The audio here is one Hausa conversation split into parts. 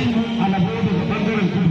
a la voz del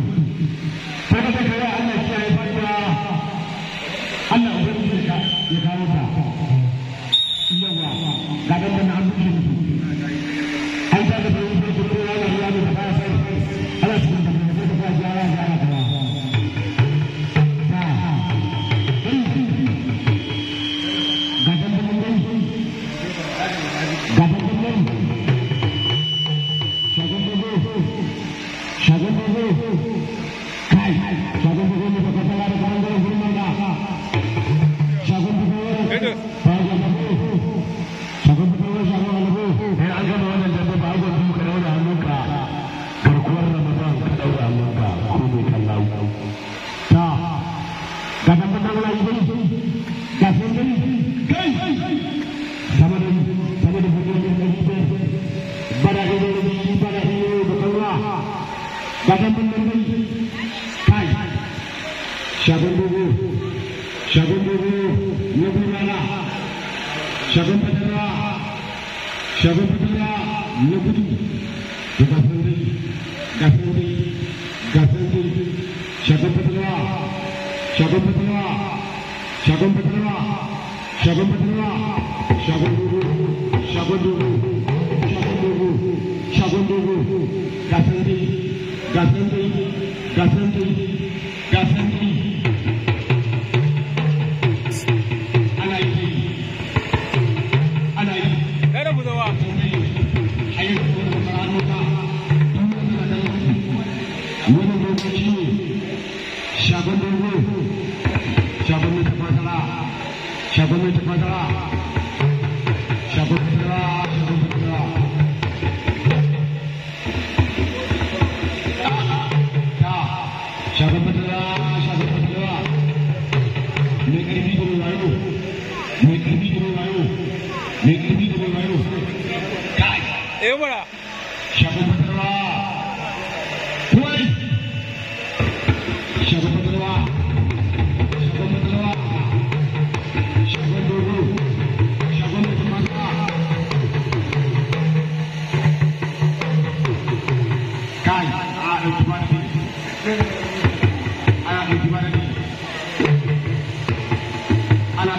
Chegou o Chegou o সবন্ধী তাই সবন বাবু সবন বাবু নবীরা সবন পেটরা সবন পেটরা নবী গাফন্দি গাফন্দি গাফন্দি সবন পেটরা সবন Justin.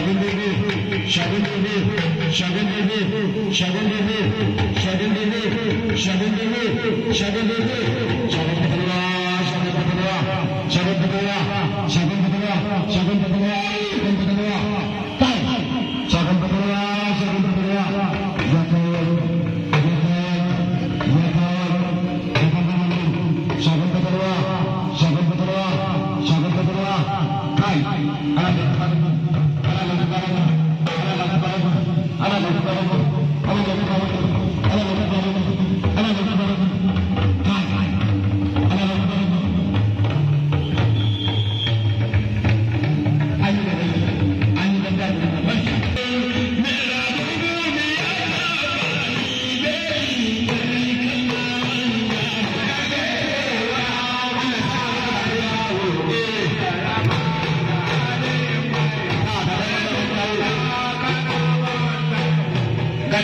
शन देवी शगन देवी शगन देवी शगन देवी शगी शगन देवी सगन बाद सग प्रा शा सॻनि बदवा सगन बतवा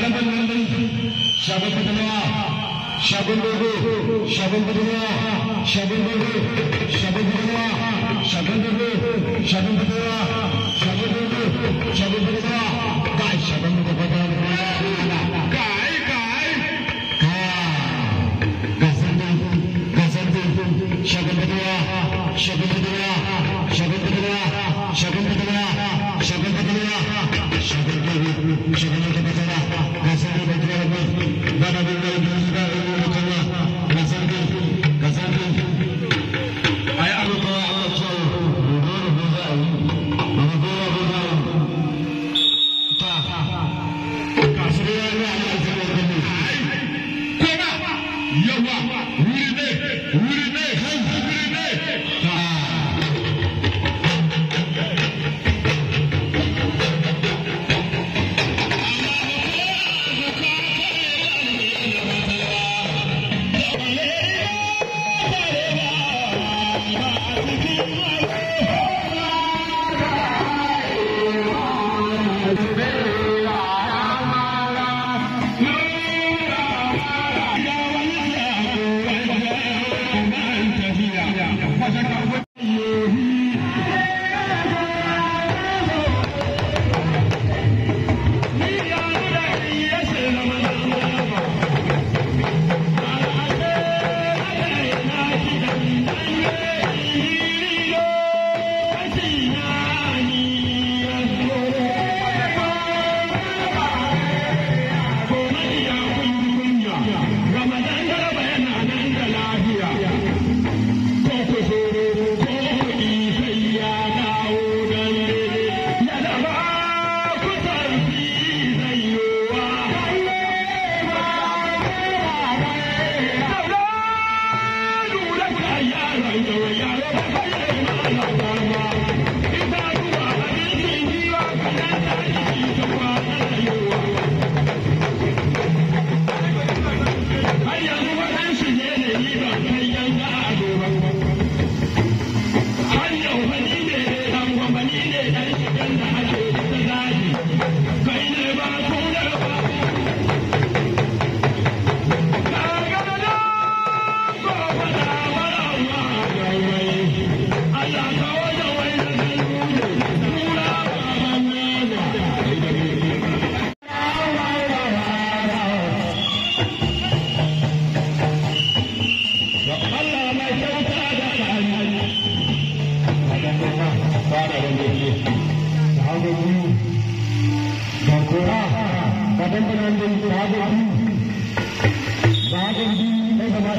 স্বাগত মন্ডলী স্বাগত বটুয়া স্বাগত বাবু স্বাগত বটুয়া স্বাগত বাবু স্বাগত বটুয়া স্বাগত বাবু স্বাগত বটুয়া স্বাগত বাবু স্বাগত বটুয়া काय স্বাগত বটুয়া काय काय गसंदी गसंदी স্বাগত বটুয়া স্বাগত বটুয়া স্বাগত বটুয়া স্বাগত বটুয়া স্বাগত বটুয়া স্বাগত বাবু স্বাগত বটুয়া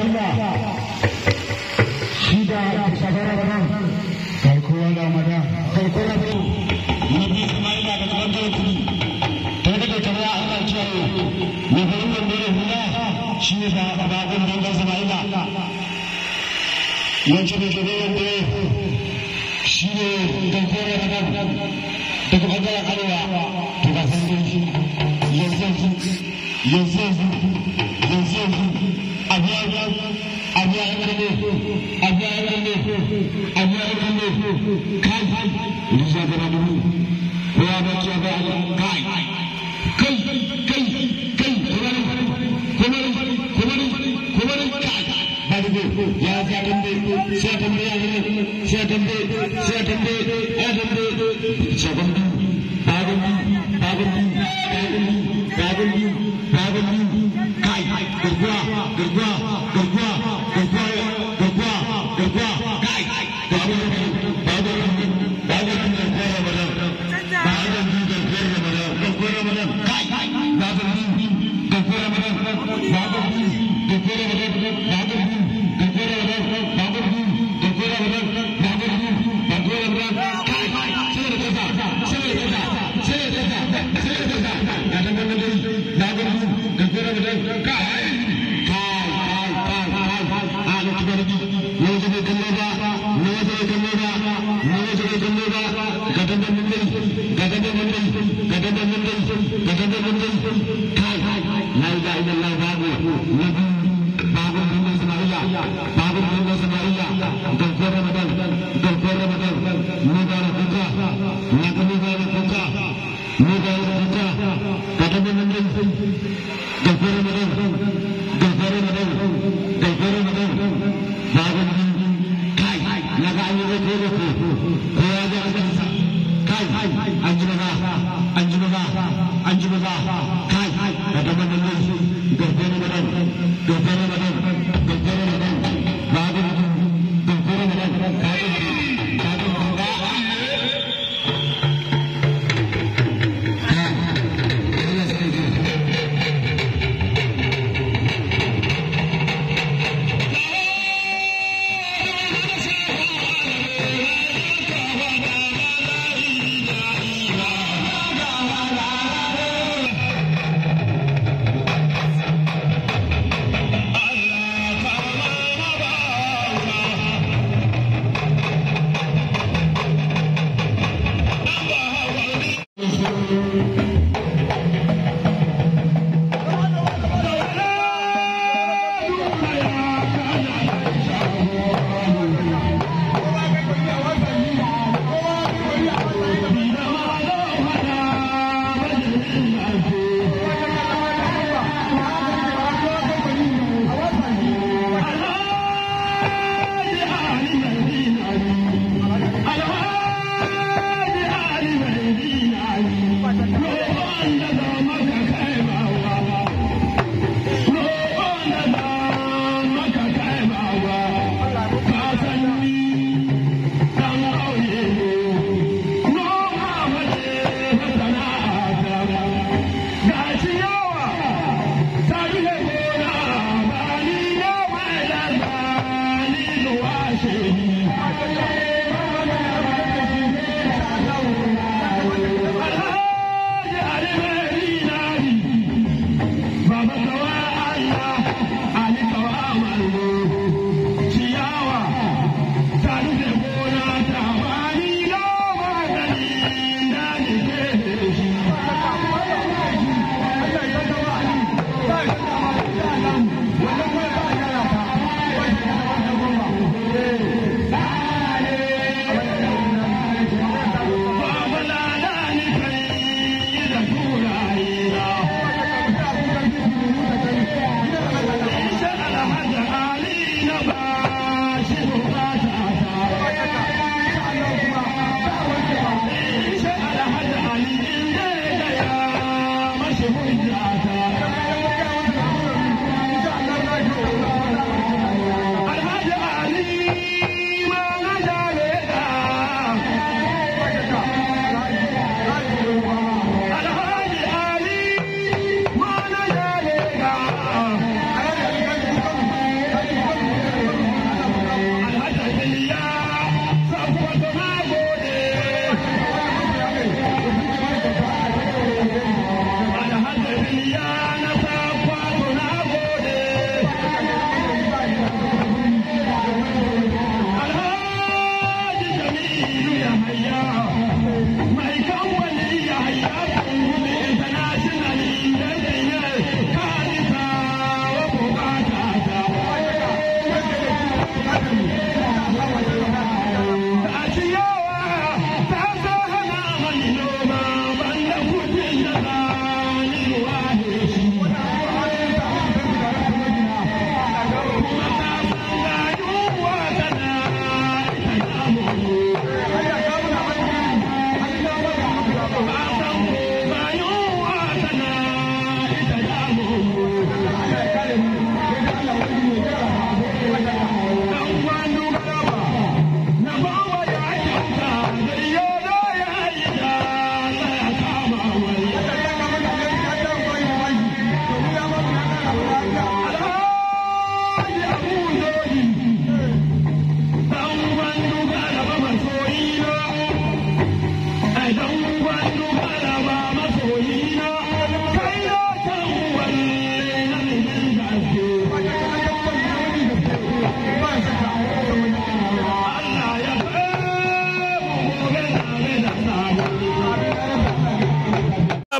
Allah shi da shabara kan karkowa da mada karkowa ko ni bi kuma ina da Allah أجاء إليه أجاء إليه كيف لزاد ربه وابت يبعد قاعد كيف كيف كيف كمري كمري كمري كمري قاعد بدو يا ساتمبي ساتمبي يا هنا ساتمبي ساتمبي أتمبي ساتمبي أتمبي the guy, the నియోజకవర్గం మీద నియోజకవర్గం మీద अंज नज़ा अंज नज़ा अंज मज़ा घटम Thank you.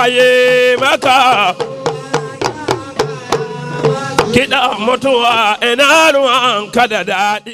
Aye maka kiɗa mutuwa ina ruwan ka da daɗi